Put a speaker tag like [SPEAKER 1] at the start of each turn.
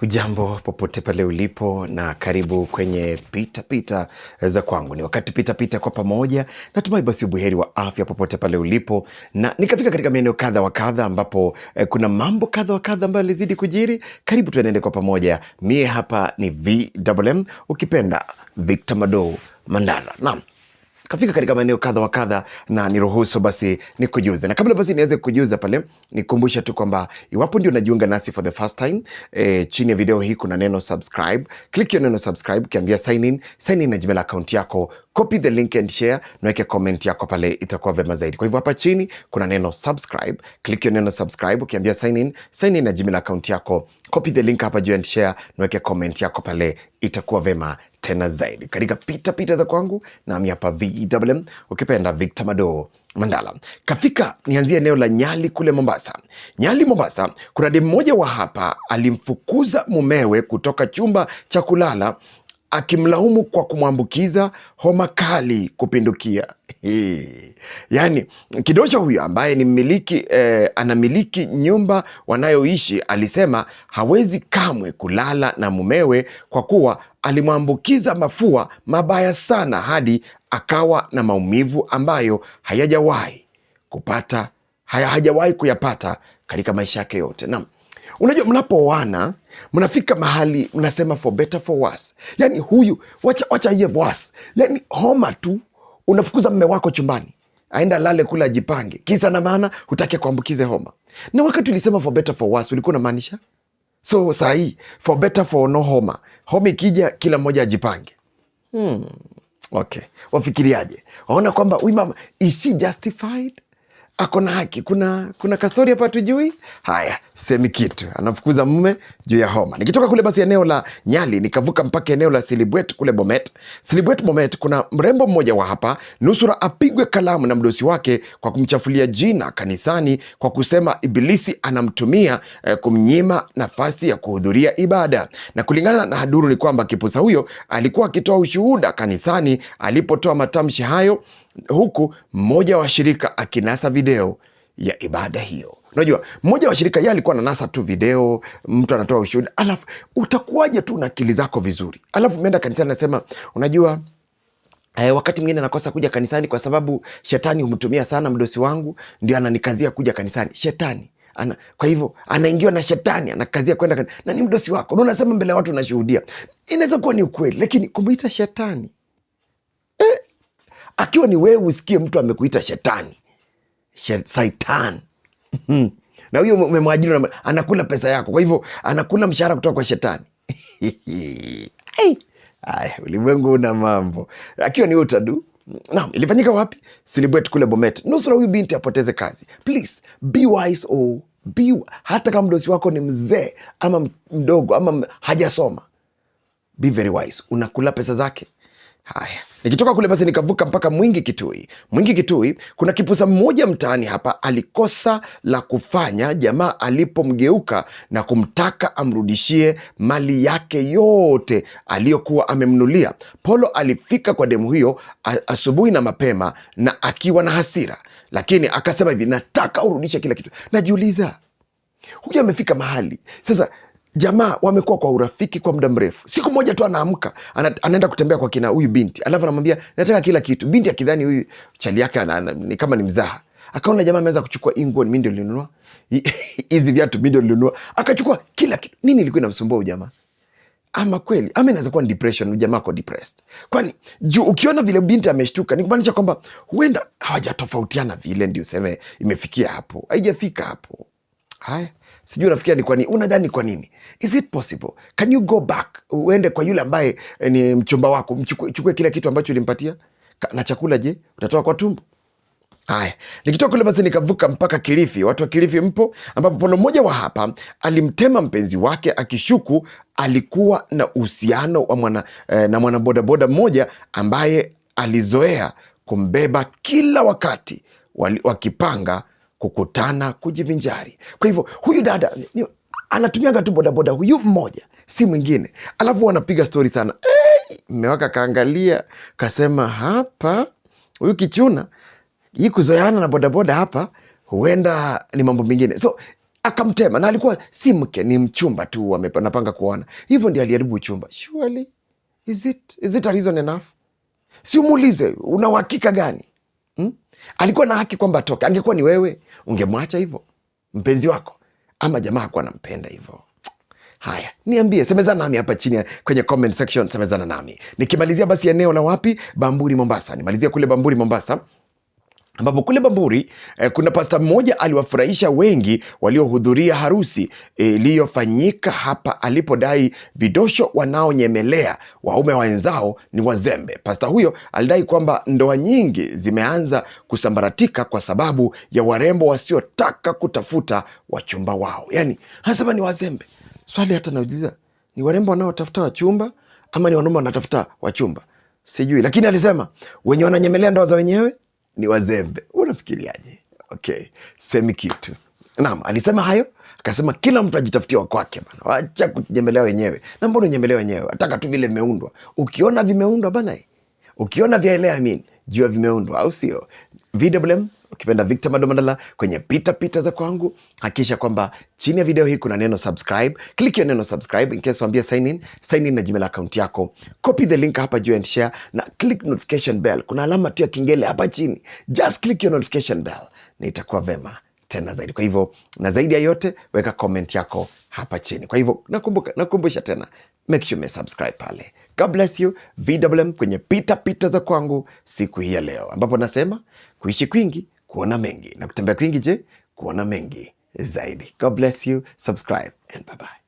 [SPEAKER 1] Hujambo popote pale ulipo na karibu kwenye pitapita pita za kwangu. Ni wakati pitapita kwa pamoja, natumai basi ubuheri wa afya popote pale ulipo, na nikafika katika maeneo kadha wa kadha ambapo eh, kuna mambo kadha wa kadha ambayo yalizidi kujiri. Karibu tuenende kwa pamoja. Mie hapa ni VMM, ukipenda Victor Mado Mandala. Naam kafika katika maeneo kadha wa kadha, na niruhusu basi nikujuze. Na kabla basi niweze kujuza pale, nikumbusha tu kwamba iwapo ndio unajiunga nasi for the first time e, chini ya video hii kuna neno subscribe, click hiyo neno subscribe, kiambia sign in, sign in na Gmail account yako, copy the link and share, naweke comment yako pale, itakuwa vema zaidi. Kwa hivyo hapa chini kuna neno subscribe, click hiyo neno subscribe, kiambia sign in, sign in na Gmail account yako copy the link hapa juu and share, niweke comment yako pale, itakuwa vema tena zaidi katika pita pita za kwangu. Nami hapa VMM, e ukipenda Victor Mado Mandala. Kafika nianzie eneo la Nyali kule Mombasa. Nyali Mombasa, kuna demu mmoja wa hapa alimfukuza mumewe kutoka chumba cha kulala akimlaumu kwa kumwambukiza homa kali kupindukia. Yani, Kidosha huyo ambaye ni mmiliki eh, anamiliki nyumba wanayoishi alisema hawezi kamwe kulala na mumewe kwa kuwa alimwambukiza mafua mabaya sana hadi akawa na maumivu ambayo hayajawahi kupata hayajawahi kuyapata katika maisha yake yote. Naam. Unajua, mnapoana mnafika mahali mnasema for better for worse. Yani huyu wacha, wacha ye worse, yani homa tu unafukuza mme wako chumbani aenda lale kula ajipange, kisa na maana hutake kuambukize homa. Na wakati ulisema for better for worse ulikuwa unamaanisha so sahii for better for no homa, homa ikija kila mmoja ajipange. Hmm. Okay, wafikiriaje? Waona kwamba huyu mama is she justified? ako na haki. Kuna kuna kastori hapa tujui. Haya, semi kitu. Anafukuza mume juu ya homa. Nikitoka kule basi eneo la Nyali nikavuka mpaka eneo la Silibwet kule Bomet. Silibwet Bomet, kuna mrembo mmoja wa hapa nusura apigwe kalamu na mdosi wake kwa kumchafulia jina kanisani kwa kusema ibilisi anamtumia eh, kumnyima nafasi ya kuhudhuria ibada. Na kulingana na haduru ni kwamba kipusa huyo alikuwa akitoa ushuhuda kanisani alipotoa matamshi hayo huku mmoja wa washirika akinasa video ya ibada hiyo. Unajua, mmoja wa washirika yeye alikuwa ananasa tu video, mtu anatoa ushuhuda, alafu utakuwaje tu na akili zako vizuri, alafu umeenda kanisani anasema unajua Eh, wakati mwingine nakosa kuja kanisani kwa sababu shetani humtumia sana mdosi wangu, ndio ananikazia kuja kanisani. Shetani ana, kwa hivyo anaingiwa na shetani anakazia kwenda kanisani, na ni mdosi wako, na unasema mbele ya watu unashuhudia. Inaweza kuwa ni ukweli, lakini kumuita shetani akiwa ni wewe usikie mtu amekuita shetani saitan na huyo umemwajiri anakula pesa yako, kwa hivyo anakula mshahara kutoka kwa shetani. Aya, ulimwengu una mambo. Akiwa ni utadu Naam, ilifanyika wapi? Silibwet kule Bomet. Nusura huyu binti apoteze kazi. Please be wise o oh, be hata kama mdosi wako ni mzee ama mdogo ama hajasoma, be very wise. Unakula pesa zake. Haya, nikitoka kule basi nikavuka mpaka Mwingi Kitui. Mwingi Kitui, kuna kipusa mmoja mtaani hapa alikosa la kufanya jamaa alipomgeuka na kumtaka amrudishie mali yake yote aliyokuwa amemnulia. Polo alifika kwa demu hiyo asubuhi na mapema, na akiwa na hasira, lakini akasema hivi, nataka urudishe kila kitu. Najiuliza, huyu amefika mahali sasa jamaa wamekuwa kwa urafiki kwa muda mrefu. Siku moja tu anaamka anaenda kutembea kwa kina huyu binti, alafu anamwambia nataka kila kitu. Binti akidhani huyu chali yake ni kama ni mzaha, akaona jamaa ameweza kuchukua hii nguo mimi ndio nilinunua, hizi viatu mimi ndio nilinunua, akachukua kila kitu. Nini ilikuwa inamsumbua huyu jamaa? Ama kweli ama inaweza kuwa ni depression, jamaa ko depressed, kwani juu ukiona vile binti ameshtuka ni kumaanisha kwamba huenda hawajatofautiana vile, ndio useme imefikia hapo, haijafika hapo. Haya sijui unafikiria ni kwa nini, unadhani kwa nini? Is it possible? Can you go back, uende kwa yule ambaye eh, ni mchumba wako, mchukue kile kitu ambacho ulimpatia? Na chakula je, utatoa kwa tumbo? Haya, nikitoka kule basi nikavuka mpaka Kilifi. Watu wa Kilifi mpo, ambapo pono mmoja wa hapa alimtema mpenzi wake akishuku alikuwa na uhusiano wa mwana, eh, na mwanabodaboda mmoja ambaye alizoea kumbeba kila wakati wali, wakipanga kukutana, kujivinjari. Kwa hivyo huyu dada ni, anatumiaga tu bodaboda huyu mmoja, si mwingine, alafu wanapiga stori sana. Hey, mmewaka kaangalia kasema hapa huyu kichuna hii kuzoeana na bodaboda hapa, huenda ni mambo mengine so akamtema na alikuwa si mke, ni mchumba tu, anapanga kuona hivyo, ndio aliharibu uchumba. Surely is it, is it a reason enough? Si umuulize una uhakika gani? Hmm? Alikuwa na haki kwamba atoke. Angekuwa ni wewe, ungemwacha hivyo mpenzi wako ama jamaa hakuwa anampenda hivyo. Haya, niambie, semezana nami hapa chini kwenye comment section, semezana nami nikimalizia basi eneo la wapi, Bamburi Mombasa. Nimalizia kule Bamburi Mombasa ambapo kule Bamburi eh, kuna pasta mmoja aliwafurahisha wengi waliohudhuria harusi eh, iliyofanyika eh, hapa alipodai vidosho wanaonyemelea waume wenzao ni wazembe. Pasta huyo alidai kwamba ndoa nyingi zimeanza kusambaratika kwa sababu ya warembo wasiotaka kutafuta wachumba wao, yani anasema ni wazembe. Swali hata nauliza ni warembo wanaotafuta wachumba ama ni wanaume wanatafuta wachumba, sijui, lakini alisema wenye wananyemelea ndoa za wenyewe ni wazembe. Unafikiriaje? Okay, semi kitu. Naam, alisema hayo akasema kila mtu ajitafutia wakwake bana, wacha kunyembelea wenyewe. Na mbona unyembelea wenyewe? Ataka tu vile vimeundwa. Ukiona vimeundwa bana, eh. ukiona vyaelea amin jua vimeundwa, au sio? VMM ukipenda Victor Madomandala kwenye pita pita za kwangu, hakikisha kwamba chini ya video hii kuna neno subscribe. Click hiyo neno subscribe, in case waambia sign in, sign in na Gmail account yako, copy the link hapa juu and share, na click notification bell. Kuna alama tu ya kengele hapa chini, just click your notification bell na itakuwa vema tena zaidi. Kwa hivyo na zaidi ya yote, weka comment yako hapa chini. Kwa hivyo nakumbuka, nakumbusha tena, make sure you subscribe pale. God bless you VMM kwenye pita pita za kwangu siku hii ya leo, ambapo nasema kuishi kwingi kuona mengi na kutembea kwingi, je, kuona mengi zaidi. God bless you, subscribe and bye bye.